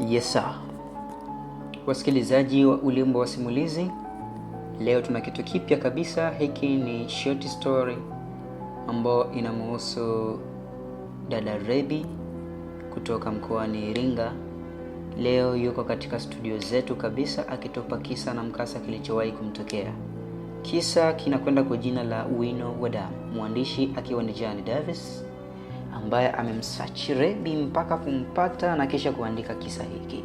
Yesa, wasikilizaji wa Ulimbo wa Simulizi, leo tuna kitu kipya kabisa. Hiki ni short story ambayo inamhusu dada Rebi kutoka mkoani Iringa. Leo yuko katika studio zetu kabisa akitopa kisa na mkasa kilichowahi kumtokea. Kisa kinakwenda kwa jina la Wino wa mwandishi akiwa ni Jani Davis ambaye amemsachi Rebi mpaka kumpata na kisha kuandika kisa hiki.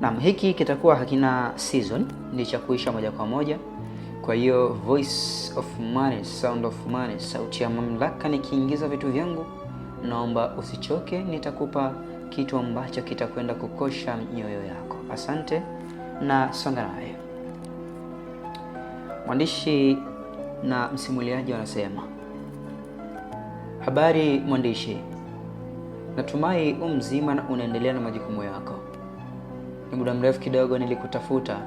Naam, hiki kitakuwa hakina season, ni cha kuisha moja kwa moja. Kwa hiyo voice of money, sound of money, sauti ya mamlaka, nikiingiza vitu vyangu, naomba usichoke, nitakupa kitu ambacho kitakwenda kukosha mioyo yako. Asante na songa nayo. Mwandishi na msimuliaji wanasema Habari mwandishi, natumai u mzima na unaendelea na majukumu yako. Ni muda mrefu kidogo nilikutafuta,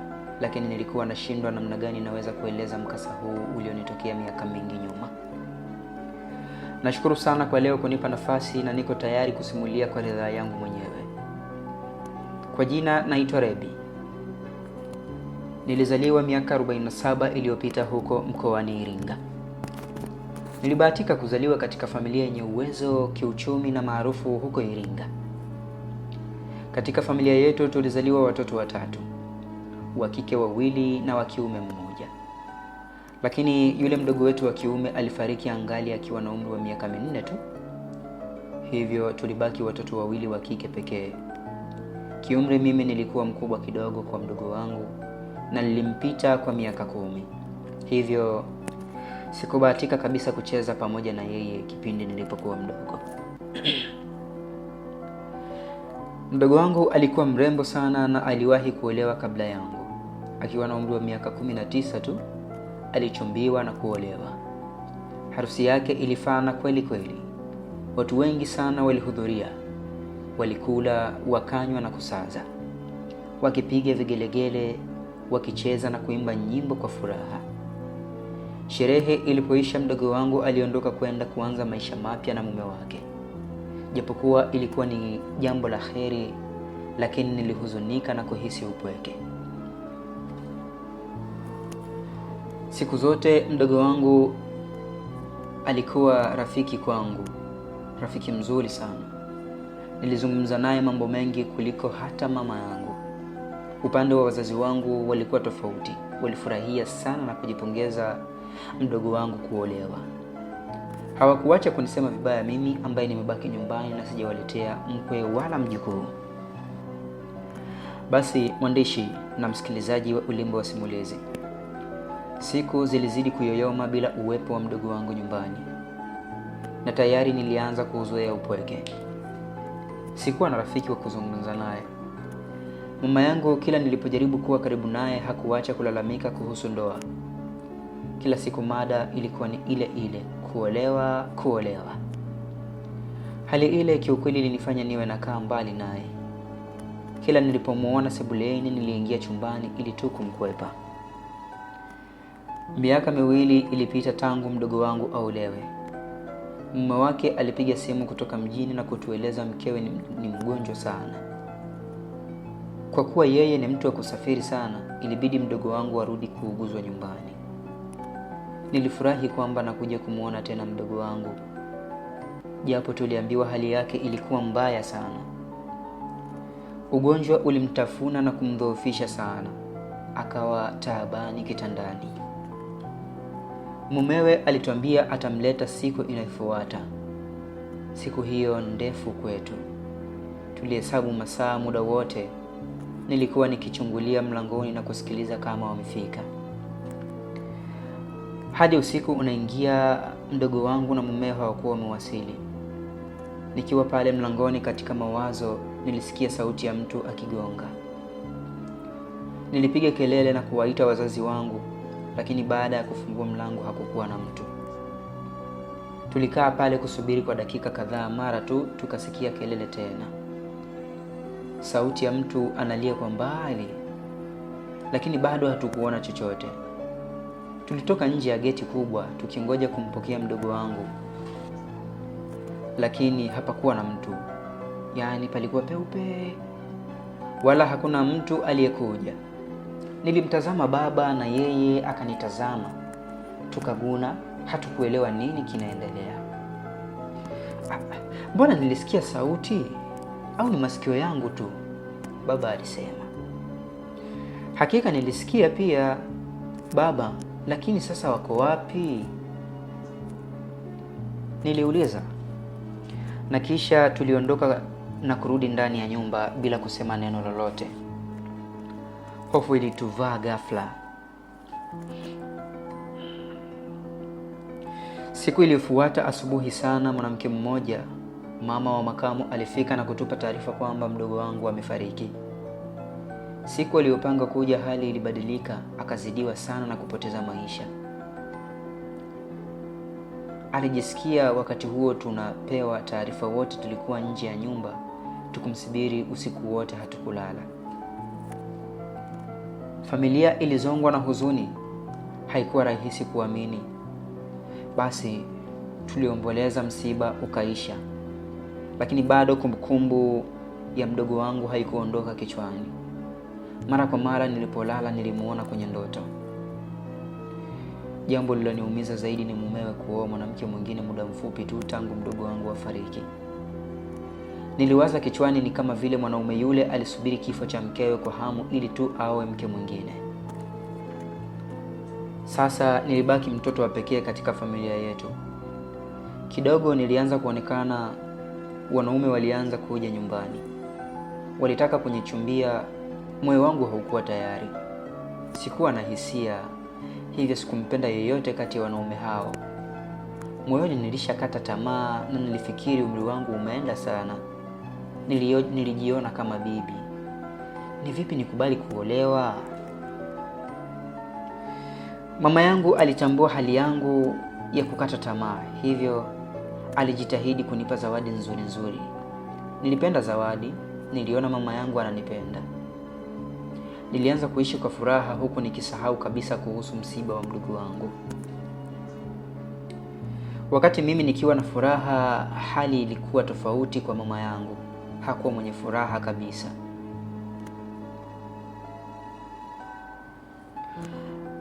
lakini nilikuwa nashindwa namna gani naweza kueleza mkasa huu ulionitokea miaka mingi nyuma. Nashukuru sana kwa leo kunipa nafasi na niko tayari kusimulia kwa ridhaa yangu mwenyewe. Kwa jina naitwa Rebi. Nilizaliwa miaka 47 iliyopita huko mkoani Iringa. Nilibahatika kuzaliwa katika familia yenye uwezo kiuchumi na maarufu huko Iringa. Katika familia yetu tulizaliwa watoto watatu, wa kike wawili na wa kiume mmoja, lakini yule mdogo wetu wa kiume alifariki angali akiwa na umri wa miaka minne tu, hivyo tulibaki watoto wawili wa kike pekee. Kiumri mimi nilikuwa mkubwa kidogo kwa mdogo wangu na nilimpita kwa miaka kumi, hivyo Sikubahatika kabisa kucheza pamoja na yeye kipindi nilipokuwa mdogo. Mdogo wangu alikuwa mrembo sana na aliwahi kuolewa kabla yangu. Akiwa na umri wa miaka 19 tu alichumbiwa na kuolewa. Harusi yake ilifana kweli kweli. Watu wengi sana walihudhuria, walikula, wakanywa na kusaza, wakipiga vigelegele, wakicheza na kuimba nyimbo kwa furaha. Sherehe ilipoisha, mdogo wangu aliondoka kwenda kuanza maisha mapya na mume wake. Japokuwa ilikuwa ni jambo la heri, lakini nilihuzunika na kuhisi upweke. Siku zote mdogo wangu alikuwa rafiki kwangu, rafiki mzuri sana. Nilizungumza naye mambo mengi kuliko hata mama yangu. Upande wa wazazi wangu walikuwa tofauti, walifurahia sana na kujipongeza mdogo wangu kuolewa. Hawakuacha kunisema vibaya mimi ambaye nimebaki nyumbani na sijawaletea mkwe wala mjukuu. Basi mwandishi na msikilizaji wa Ulimbo wa Simulizi, siku zilizidi kuyoyoma bila uwepo wa mdogo wangu nyumbani, na tayari nilianza kuuzoea upweke. Sikuwa na rafiki wa kuzungumza naye. Mama yangu kila nilipojaribu kuwa karibu naye hakuacha kulalamika kuhusu ndoa. Kila siku mada ilikuwa ni ile ile, kuolewa, kuolewa. Hali ile kiukweli ilinifanya niwe nakaa mbali naye. Kila nilipomwona sebuleni, niliingia chumbani ili tu kumkwepa. Miaka miwili ilipita tangu mdogo wangu aolewe. Mume wake alipiga simu kutoka mjini na kutueleza mkewe ni, ni mgonjwa sana. Kwa kuwa yeye ni mtu wa kusafiri sana, ilibidi mdogo wangu arudi kuuguzwa nyumbani. Nilifurahi kwamba nakuja kumwona tena mdogo wangu, japo tuliambiwa hali yake ilikuwa mbaya sana. Ugonjwa ulimtafuna na kumdhoofisha sana, akawa taabani kitandani. Mumewe alituambia atamleta siku inayofuata. Siku hiyo ndefu kwetu, tulihesabu masaa muda wote. Nilikuwa nikichungulia mlangoni na kusikiliza kama wamefika. Hadi usiku unaingia, mdogo wangu na mumeo hawakuwa wamewasili. Nikiwa pale mlangoni katika mawazo, nilisikia sauti ya mtu akigonga. Nilipiga kelele na kuwaita wazazi wangu, lakini baada ya kufungua mlango hakukuwa na mtu. Tulikaa pale kusubiri kwa dakika kadhaa, mara tu tukasikia kelele tena, sauti ya mtu analia kwa mbali, lakini bado hatukuona chochote. Tulitoka nje ya geti kubwa tukingoja kumpokea mdogo wangu, lakini hapakuwa na mtu, yaani palikuwa peupe, wala hakuna mtu aliyekuja. Nilimtazama baba na yeye akanitazama, tukaguna, hatukuelewa nini kinaendelea. Ah, mbona nilisikia sauti au ni masikio yangu tu? Baba alisema. Hakika nilisikia pia baba lakini sasa wako wapi? Niliuliza, na kisha tuliondoka na kurudi ndani ya nyumba bila kusema neno lolote. Hofu ilituvaa ghafla. Siku iliyofuata asubuhi sana, mwanamke mmoja, mama wa makamu, alifika na kutupa taarifa kwamba mdogo wangu amefariki wa Siku aliyopanga kuja, hali ilibadilika, akazidiwa sana na kupoteza maisha. Alijisikia wakati huo tunapewa taarifa wote, tulikuwa nje ya nyumba tukumsubiri usiku wote, hatukulala. Familia ilizongwa na huzuni, haikuwa rahisi kuamini. Basi tuliomboleza, msiba ukaisha, lakini bado kumbukumbu ya mdogo wangu haikuondoka kichwani. Mara kwa mara nilipolala nilimuona kwenye ndoto. Jambo liloniumiza zaidi ni mumewe kuoa mwanamke mwingine muda mfupi tu tangu mdogo wangu afariki. Niliwaza kichwani, ni kama vile mwanaume yule alisubiri kifo cha mkewe kwa hamu ili tu aoe mke mwingine. Sasa nilibaki mtoto wa pekee katika familia yetu. Kidogo nilianza kuonekana, wanaume walianza kuja nyumbani, walitaka kunichumbia Moyo wangu haukuwa tayari, sikuwa na hisia, hivyo sikumpenda yeyote kati ya wanaume hao. Moyoni nilishakata tamaa na nilifikiri umri wangu umeenda sana. Nilio, nilijiona kama bibi. Ni vipi nikubali kuolewa? Mama yangu alitambua hali yangu ya kukata tamaa, hivyo alijitahidi kunipa zawadi nzuri nzuri. Nilipenda zawadi, niliona mama yangu ananipenda. Nilianza kuishi kwa furaha huku nikisahau kabisa kuhusu msiba wa mdogo wangu. Wakati mimi nikiwa na furaha, hali ilikuwa tofauti kwa mama yangu. Hakuwa mwenye furaha kabisa.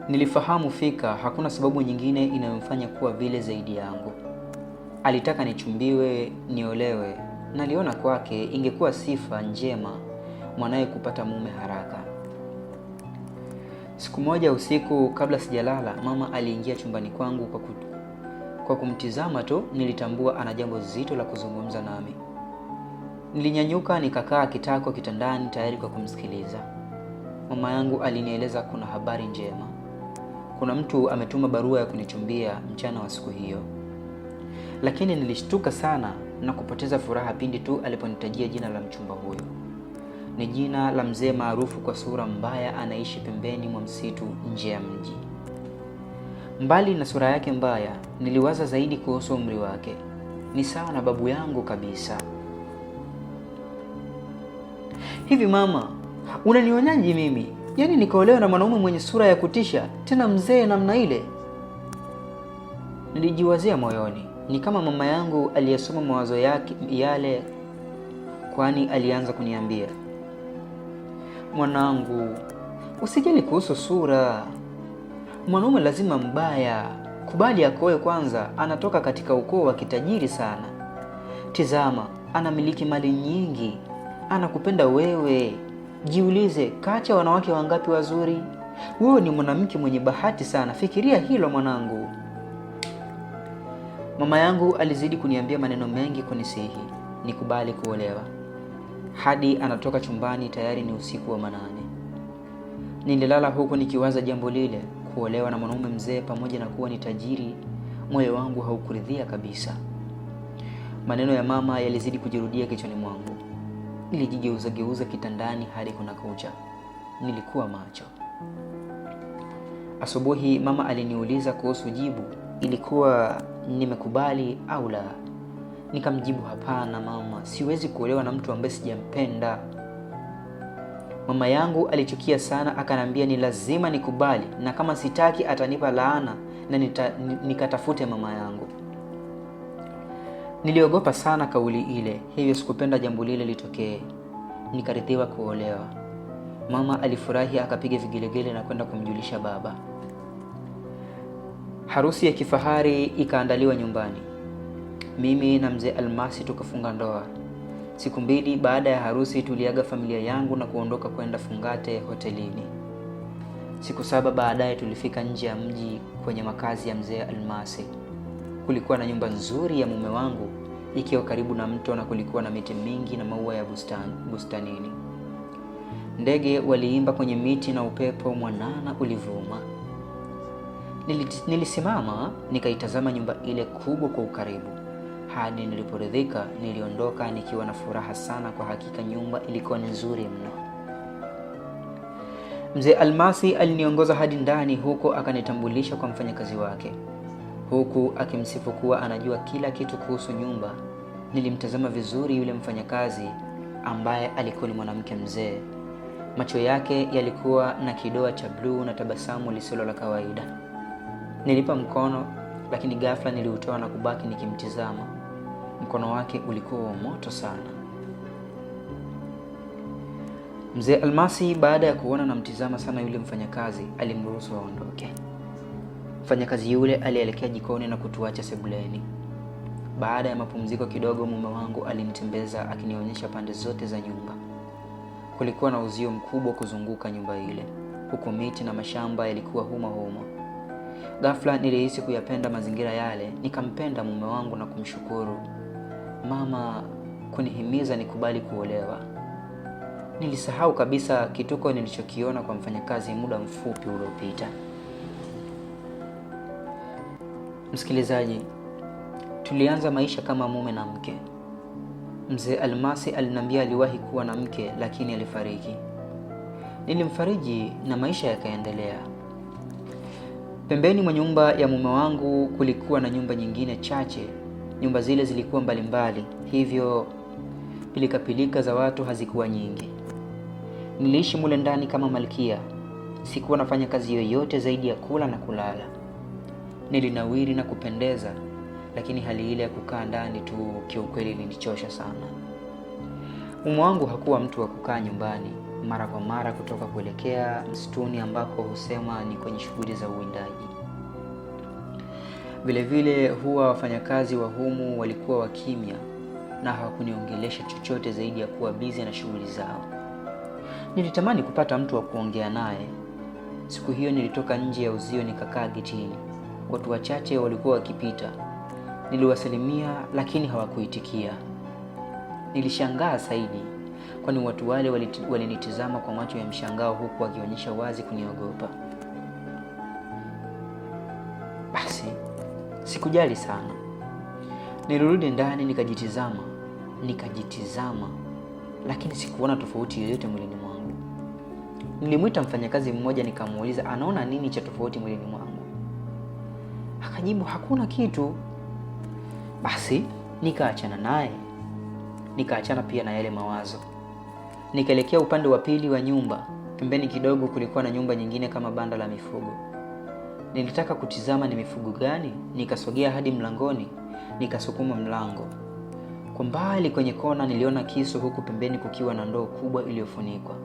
Nilifahamu fika hakuna sababu nyingine inayomfanya kuwa vile zaidi yangu. Alitaka nichumbiwe, niolewe. Naliona kwake ingekuwa sifa njema mwanaye kupata mume haraka. Siku moja usiku, kabla sijalala, mama aliingia chumbani kwangu kwa, kutu. Kwa kumtizama tu nilitambua ana jambo zito la kuzungumza nami. Nilinyanyuka nikakaa kitako kitandani tayari kwa kumsikiliza. Mama yangu alinieleza kuna habari njema, kuna mtu ametuma barua ya kunichumbia mchana wa siku hiyo, lakini nilishtuka sana na kupoteza furaha pindi tu aliponitajia jina la mchumba huyo ni jina la mzee maarufu kwa sura mbaya anaishi pembeni mwa msitu nje ya mji. Mbali na sura yake mbaya, niliwaza zaidi kuhusu umri wake. Ni sawa na babu yangu kabisa. Hivi mama, unanionyaje mimi? Yaani nikaolewa na mwanaume mwenye sura ya kutisha, tena mzee namna ile? Nilijiwazia moyoni. Ni kama mama yangu aliyesoma mawazo yake yale, kwani alianza kuniambia Mwanangu, usijali kuhusu sura. Mwanaume lazima mbaya, kubali akoe kwanza. Anatoka katika ukoo wa kitajiri sana. Tizama, anamiliki mali nyingi, anakupenda wewe. Jiulize, kacha wanawake wangapi wazuri? Wewe ni mwanamke mwenye bahati sana, fikiria hilo mwanangu. Mama yangu alizidi kuniambia maneno mengi kunisihi nikubali kuolewa hadi anatoka chumbani tayari ni usiku wa manane. Nililala huku nikiwaza jambo lile, kuolewa na mwanaume mzee pamoja na kuwa ni tajiri. Moyo wangu haukuridhia kabisa. Maneno ya mama yalizidi kujirudia kichwani mwangu. Nilijigeuza geuza kitandani hadi kuna kucha Nilikuwa macho. Asubuhi mama aliniuliza kuhusu jibu, ilikuwa nimekubali au la. Nikamjibu, hapana mama, siwezi kuolewa na mtu ambaye sijampenda. Mama yangu alichukia sana, akanambia ni lazima nikubali, na kama sitaki atanipa laana na nita, nikatafute mama yangu. Niliogopa sana kauli ile, hivyo sikupenda jambo lile litokee. Nikaridhiwa kuolewa. Mama alifurahi, akapiga vigelegele na kwenda kumjulisha baba. Harusi ya kifahari ikaandaliwa nyumbani mimi na mzee Almasi tukafunga ndoa. Siku mbili baada ya harusi tuliaga familia yangu na kuondoka kwenda Fungate hotelini. Siku saba baadaye tulifika nje ya mji kwenye makazi ya mzee Almasi. Kulikuwa na nyumba nzuri ya mume wangu ikiwa karibu na mto na kulikuwa na miti mingi na maua ya bustani, bustanini. Ndege waliimba kwenye miti na upepo mwanana ulivuma. Nilisimama nikaitazama nyumba ile kubwa kwa ukaribu. Hadi niliporidhika niliondoka nikiwa na furaha sana. Kwa hakika nyumba ilikuwa ni nzuri mno. Mzee Almasi aliniongoza hadi ndani huko, akanitambulisha kwa mfanyakazi wake, huku akimsifu kuwa anajua kila kitu kuhusu nyumba. Nilimtazama vizuri yule mfanyakazi ambaye alikuwa ni mwanamke mzee. Macho yake yalikuwa na kidoa cha bluu na tabasamu lisilo la kawaida. Nilipa mkono, lakini ghafla niliutoa na kubaki nikimtizama. Mkono wake ulikuwa wa moto sana. Mzee Almasi baada ya kuona na mtizama sana yule mfanyakazi, alimruhusu aondoke. Mfanyakazi yule alielekea jikoni na kutuacha sebuleni. Baada ya mapumziko kidogo, mume wangu alinitembeza akinionyesha pande zote za nyumba. Kulikuwa na uzio mkubwa kuzunguka nyumba ile, huku miti na mashamba yalikuwa huma huma. Ghafla nilihisi kuyapenda mazingira yale, nikampenda mume wangu na kumshukuru mama kunihimiza nikubali kuolewa. Nilisahau kabisa kituko nilichokiona kwa mfanyakazi muda mfupi uliopita. Msikilizaji, tulianza maisha kama mume na mke. Mzee Almasi aliniambia aliwahi kuwa na mke lakini alifariki. Nilimfariji na maisha yakaendelea. Pembeni mwa nyumba ya mume wangu kulikuwa na nyumba nyingine chache Nyumba zile zilikuwa mbalimbali mbali, hivyo pilikapilika za watu hazikuwa nyingi. Niliishi mule ndani kama malkia. Sikuwa nafanya kazi yoyote zaidi ya kula na kulala. Nilinawiri na kupendeza, lakini hali ile ya kukaa ndani tu kiukweli ilinichosha sana. Mume wangu hakuwa mtu wa kukaa nyumbani, mara kwa mara kutoka kuelekea msituni ambako husema ni kwenye shughuli za uwindaji. Vilevile huwa wafanyakazi wa humu walikuwa wakimya na hawakuniongelesha chochote zaidi ya kuwa bizi na shughuli zao. Nilitamani kupata mtu wa kuongea naye. Siku hiyo nilitoka nje ya uzio nikakaa getini. Watu wachache walikuwa wakipita. Niliwasalimia lakini hawakuitikia. Nilishangaa zaidi, kwani watu wale walinitizama kwa macho ya mshangao, huku wakionyesha wazi kuniogopa. Sikujali sana, nilirudi ndani nikajitizama, nikajitizama, lakini sikuona tofauti yoyote mwilini mwangu. Nilimwita mfanyakazi mmoja nikamuuliza anaona nini cha tofauti mwilini mwangu, akajibu hakuna kitu. Basi nikaachana naye, nikaachana pia na yale mawazo. Nikaelekea upande wa pili wa nyumba. Pembeni kidogo kulikuwa na nyumba nyingine kama banda la mifugo. Nilitaka kutizama ni mifugo gani, nikasogea hadi mlangoni, nikasukuma mlango. Kwa mbali kwenye kona niliona kisu, huku pembeni kukiwa na ndoo kubwa iliyofunikwa.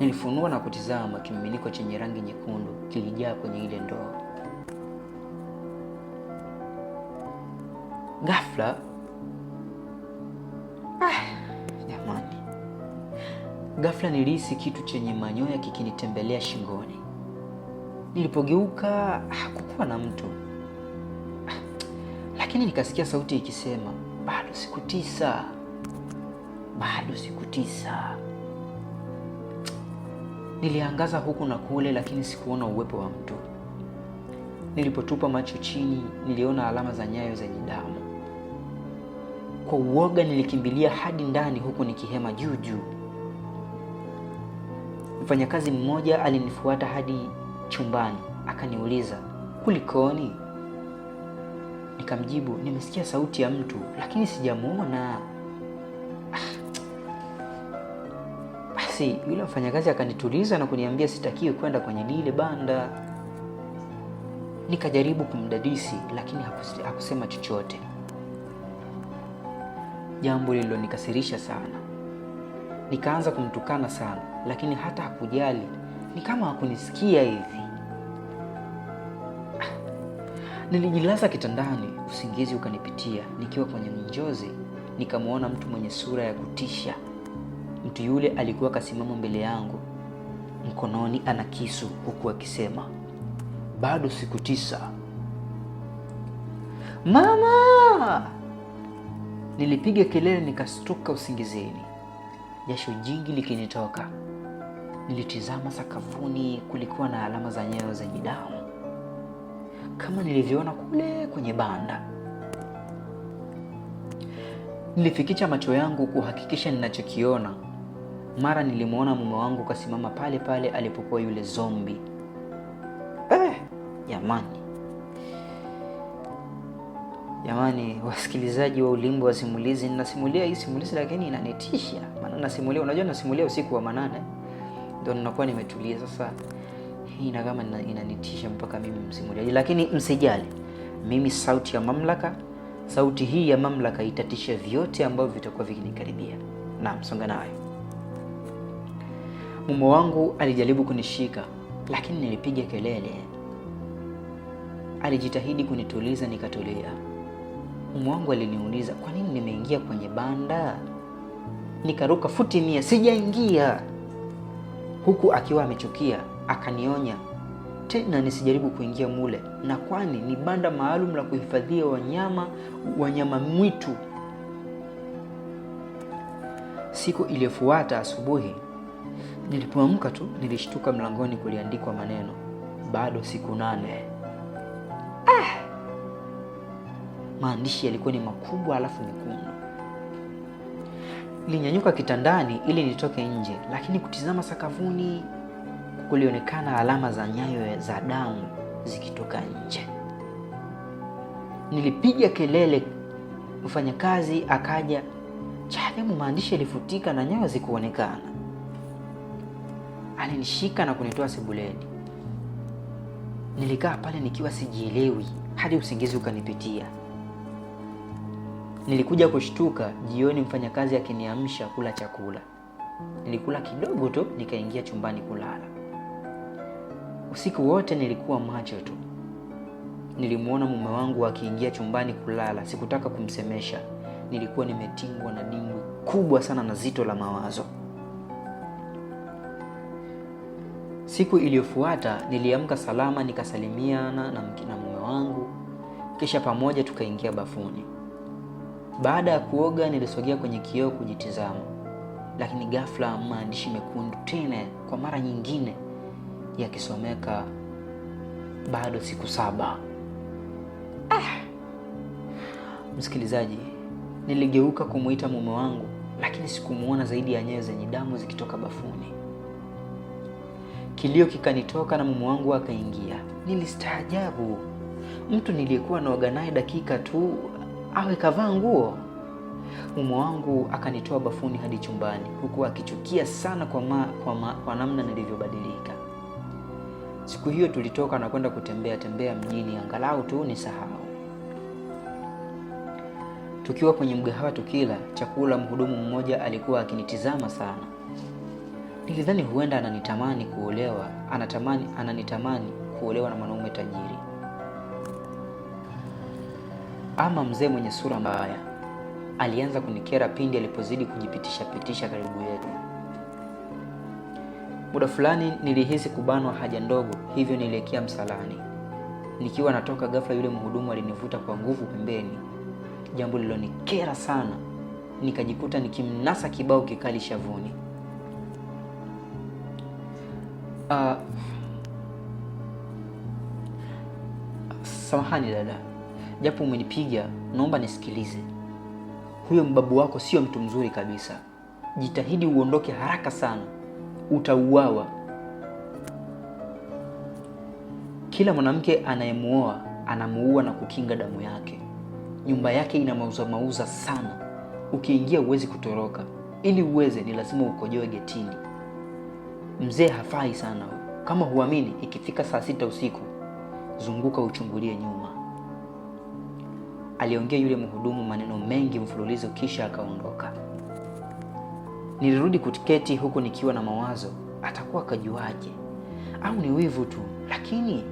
Nilifunua na kutizama, kimiminiko chenye rangi nyekundu kilijaa kwenye ile ndoo. Ghafla ah, jamani, ah, ghafla nilihisi kitu chenye manyoya kikinitembelea shingoni. Nilipogeuka hakukuwa na mtu, lakini nikasikia sauti ikisema, bado siku tisa, bado siku tisa. Niliangaza huku na kule, lakini sikuona uwepo wa mtu. Nilipotupa macho chini, niliona alama za nyayo zenye damu. Kwa uoga, nilikimbilia hadi ndani, huku nikihema juu juu. Mfanyakazi mmoja alinifuata hadi chumbani, akaniuliza kulikoni? Nikamjibu, nimesikia sauti ya mtu lakini sijamuona. Ah, basi yule mfanyakazi akanituliza na kuniambia sitakiwi kwenda kwenye lile banda. Nikajaribu kumdadisi lakini hakusema chochote, jambo lililonikasirisha sana. Nikaanza kumtukana sana, lakini hata hakujali, ni kama hakunisikia hivi. Nilijilaza kitandani, usingizi ukanipitia. Nikiwa kwenye njozi, nikamwona mtu mwenye sura ya kutisha. Mtu yule alikuwa kasimama mbele yangu, mkononi ana kisu, huku akisema, bado siku tisa. Mama! Nilipiga kelele, nikastuka usingizini, jasho jingi likinitoka. Nilitizama sakafuni, kulikuwa na alama za nyayo zenye damu kama nilivyoona kule kwenye banda. Nilifikisha macho yangu kuhakikisha ninachokiona. Mara nilimwona mume wangu kasimama pale pale alipokuwa yule zombi. Eh, jamani jamani, wasikilizaji wa Ulimbo wa Simulizi, ninasimulia hii simulizi lakini inanitisha, maana nasimulia, unajua nasimulia usiku wa manane ndio ninakuwa nimetulia sasa hii ina kama inanitisha mpaka mimi msimuliaji, lakini msijali, mimi sauti ya mamlaka, sauti hii ya mamlaka itatisha vyote ambavyo vitakuwa vikinikaribia. Naam, songa nayo. Mume wangu alijaribu kunishika, lakini nilipiga kelele. Alijitahidi kunituliza, nikatulia. Mume wangu aliniuliza kwa nini nimeingia kwenye banda. Nikaruka futi mia, sijaingia, huku akiwa amechukia akanionya tena nisijaribu kuingia mule, na kwani ni banda maalum la kuhifadhia wanyama wanyama mwitu. Siku iliyofuata asubuhi, nilipoamka tu nilishtuka mlangoni kuliandikwa maneno bado siku nane. Ah! Maandishi yalikuwa ni makubwa alafu mekundu. linyanyuka kitandani ili nitoke nje, lakini kutizama sakafuni kulionekana alama za nyayo za damu zikitoka nje. Nilipiga kelele, mfanyakazi akaja. Cha maandishi yalifutika na nyayo zikuonekana. Alinishika na kunitoa sebuleni. Nilikaa pale nikiwa sijielewi hadi usingizi ukanipitia. Nilikuja kushtuka jioni, mfanyakazi akiniamsha kula chakula. Nilikula kidogo tu, nikaingia chumbani kulala. Usiku wote nilikuwa macho tu. Nilimwona mume wangu akiingia chumbani kulala. Sikutaka kumsemesha. Nilikuwa nimetingwa na dimbwi kubwa sana na zito la mawazo. Siku iliyofuata niliamka salama, nikasalimiana na, na mume wangu, kisha pamoja tukaingia bafuni. Baada ya kuoga, nilisogea kwenye kioo kujitizama, lakini ghafla maandishi mekundu tena kwa mara nyingine yakisomeka bado siku saba. Ah, msikilizaji, niligeuka kumwita mume wangu, lakini sikumwona zaidi ya nyewe zenye damu zikitoka bafuni. Kilio kikanitoka na mume wangu akaingia. Nilistaajabu, mtu niliyekuwa naoga naye dakika tu awe kavaa nguo. Mume wangu akanitoa bafuni hadi chumbani, huku akichukia sana kwa, ma, kwa, ma, kwa namna nilivyobadilika. Siku hiyo tulitoka na kwenda kutembea tembea mjini, angalau tu ni sahau. Tukiwa kwenye mgahawa tukila chakula, mhudumu mmoja alikuwa akinitizama sana. Nilidhani huenda ananitamani kuolewa, anatamani, ananitamani kuolewa na mwanaume tajiri ama mzee mwenye sura mbaya. Alianza kunikera pindi alipozidi kujipitisha pitisha karibu yetu. Muda fulani nilihisi kubanwa haja ndogo, hivyo nilielekea msalani. Nikiwa natoka ghafla, yule mhudumu alinivuta kwa nguvu pembeni, jambo lilonikera sana. Nikajikuta nikimnasa kibao kikali shavuni. Uh, samahani dada, japo umenipiga, naomba nisikilize. Huyo mbabu wako sio mtu mzuri kabisa, jitahidi uondoke haraka sana utauawa. Kila mwanamke anayemwoa anamuua na kukinga damu yake. Nyumba yake ina mauza mauza sana, ukiingia huwezi kutoroka. Ili uweze ni lazima ukojoe getini. Mzee hafai sana. Kama huamini, ikifika saa sita usiku zunguka uchungulie nyuma. Aliongea yule mhudumu maneno mengi mfululizo, kisha akaondoka. Nilirudi kutiketi huku nikiwa na mawazo, atakuwa akajuaje? Au ni wivu tu? Lakini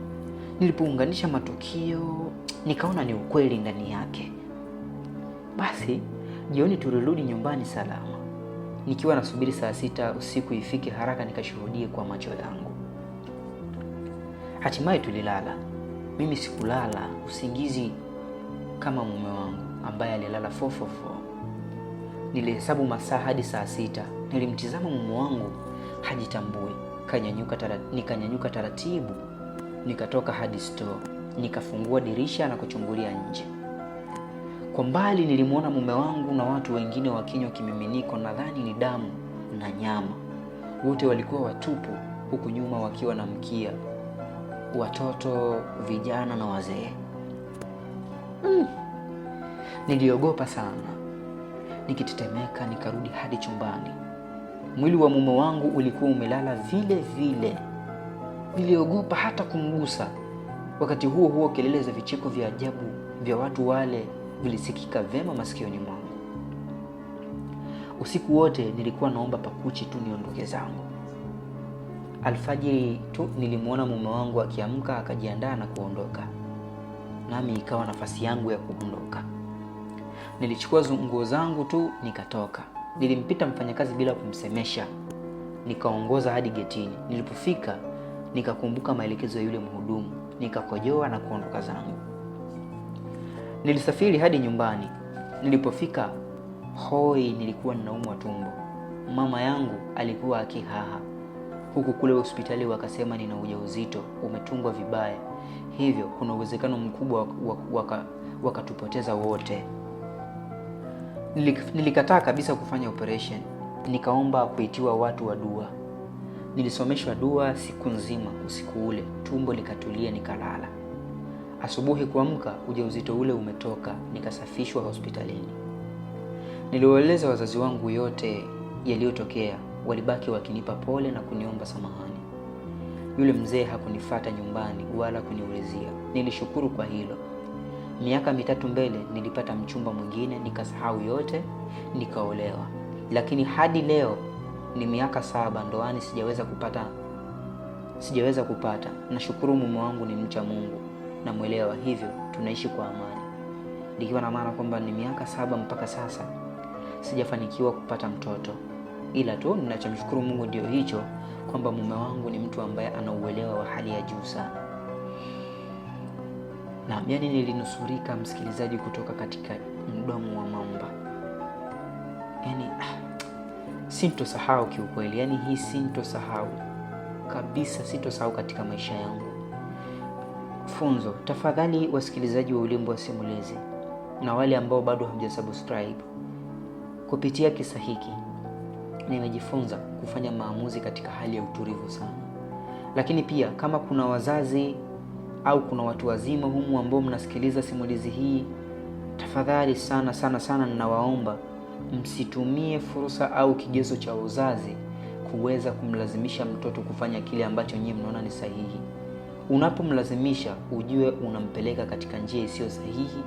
nilipounganisha matukio nikaona ni ukweli ndani yake. Basi jioni tulirudi nyumbani salama, nikiwa nasubiri saa sita usiku ifike haraka nikashuhudie kwa macho yangu. Hatimaye tulilala. Mimi sikulala usingizi kama mume wangu ambaye alilala fofofo. Nilihesabu masaa hadi saa sita. Nilimtizama mume wangu hajitambui, kanyanyuka tara, nikanyanyuka taratibu nikatoka hadi store, nikafungua dirisha na kuchungulia nje. Kwa mbali nilimwona mume wangu na watu wengine wakinywa kimiminiko, nadhani ni damu na nyama. Wote walikuwa watupu, huku nyuma wakiwa na mkia, watoto, vijana na wazee. Mm. Niliogopa sana nikitetemeka, nikarudi hadi chumbani. Mwili wa mume wangu ulikuwa umelala vile vile, niliogopa hata kumgusa. Wakati huo huo, kelele za vicheko vya ajabu vya watu wale vilisikika vema masikioni mwangu. Usiku wote nilikuwa naomba pakuchi tu niondoke zangu. Alfajiri tu nilimwona mume wangu akiamka akajiandaa na kuondoka, nami ikawa nafasi yangu ya kuondoka. Nilichukua nguo zangu tu nikatoka. Nilimpita mfanyakazi bila kumsemesha, nikaongoza hadi getini. Nilipofika nikakumbuka maelekezo ya yule mhudumu, nikakojoa na kuondoka zangu. Nilisafiri hadi nyumbani. Nilipofika hoi, nilikuwa ninaumwa tumbo. Mama yangu alikuwa akihaha, huku kule hospitali wakasema nina ujauzito, umetungwa vibaya, hivyo kuna uwezekano mkubwa wakatupoteza waka wote. Nilikataa kabisa kufanya operation, nikaomba kuitiwa watu wa dua. Nilisomeshwa dua siku nzima, usiku ule tumbo likatulia, nikalala. Asubuhi kuamka, ujauzito ule umetoka, nikasafishwa hospitalini. Niliwaeleza wazazi wangu yote yaliyotokea, walibaki wakinipa pole na kuniomba samahani. Yule mzee hakunifata nyumbani wala kuniulizia. Nilishukuru kwa hilo. Miaka mitatu mbele nilipata mchumba mwingine, nikasahau yote, nikaolewa. Lakini hadi leo ni miaka saba ndoani, sijaweza kupata sijaweza kupata. Nashukuru mume wangu ni mcha Mungu na mwelewa, hivyo tunaishi kwa amani, nikiwa na maana kwamba ni miaka saba mpaka sasa sijafanikiwa kupata mtoto, ila tu ninachomshukuru Mungu ndio hicho kwamba mume wangu ni mtu ambaye ana uelewa wa hali ya juu sana. Naam, yani nilinusurika msikilizaji, kutoka katika mdomo wa mamba. Yani ah, sintosahau kiukweli, yani hii sintosahau kabisa, sintosahau katika maisha yangu. Funzo tafadhali, wasikilizaji wa Ulimbo wa Simulizi na wale ambao bado hamjasubscribe, kupitia kisa hiki nimejifunza kufanya maamuzi katika hali ya utulivu sana, lakini pia kama kuna wazazi au kuna watu wazima humu ambao mnasikiliza simulizi hii, tafadhali sana sana sana ninawaomba msitumie fursa au kigezo cha uzazi kuweza kumlazimisha mtoto kufanya kile ambacho nyie mnaona ni sahihi. Unapomlazimisha ujue unampeleka katika njia isiyo sahihi,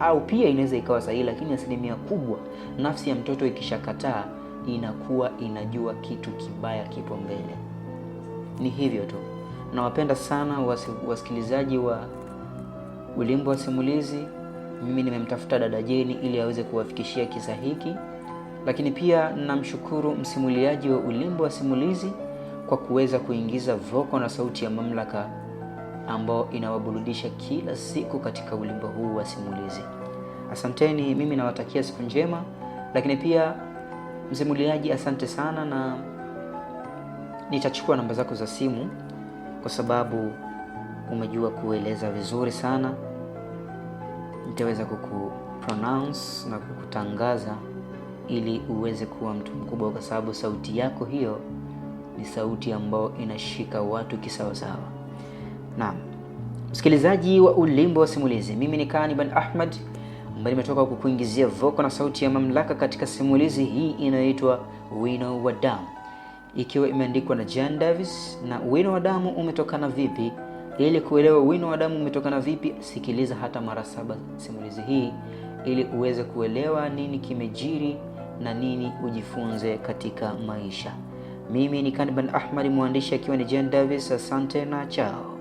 au pia inaweza ikawa sahihi, lakini asilimia kubwa nafsi ya mtoto ikishakataa inakuwa inajua kitu kibaya kipo mbele. Ni hivyo tu. Nawapenda sana wasikilizaji wa Ulimbo wa Simulizi. Mimi nimemtafuta dada Jeni ili aweze kuwafikishia kisa hiki, lakini pia namshukuru msimuliaji wa Ulimbo wa Simulizi kwa kuweza kuingiza voko na sauti ya mamlaka ambao inawaburudisha kila siku katika ulimbo huu wa simulizi. Asanteni, mimi nawatakia siku njema, lakini pia msimuliaji, asante sana, na nitachukua namba zako za simu kwa sababu umejua kueleza vizuri sana, nitaweza kukupronounce na kukutangaza ili uweze kuwa mtu mkubwa, kwa sababu sauti yako hiyo ni sauti ambayo inashika watu kisawasawa. Naam, msikilizaji wa Ulimbo wa Simulizi, mimi ni Kani Ban Ahmad ambaye nimetoka kukuingizia voko na sauti ya mamlaka katika simulizi hii inayoitwa Wino wa Damu ikiwa imeandikwa na Jan Davis na wino wa damu umetokana vipi. Ili kuelewa wino wa damu umetokana vipi, sikiliza hata mara saba simulizi hii ili uweze kuelewa nini kimejiri na nini ujifunze katika maisha. Mimi ni Kanban Ahmad, mwandishi akiwa ni Jan Davis. Asante na chao.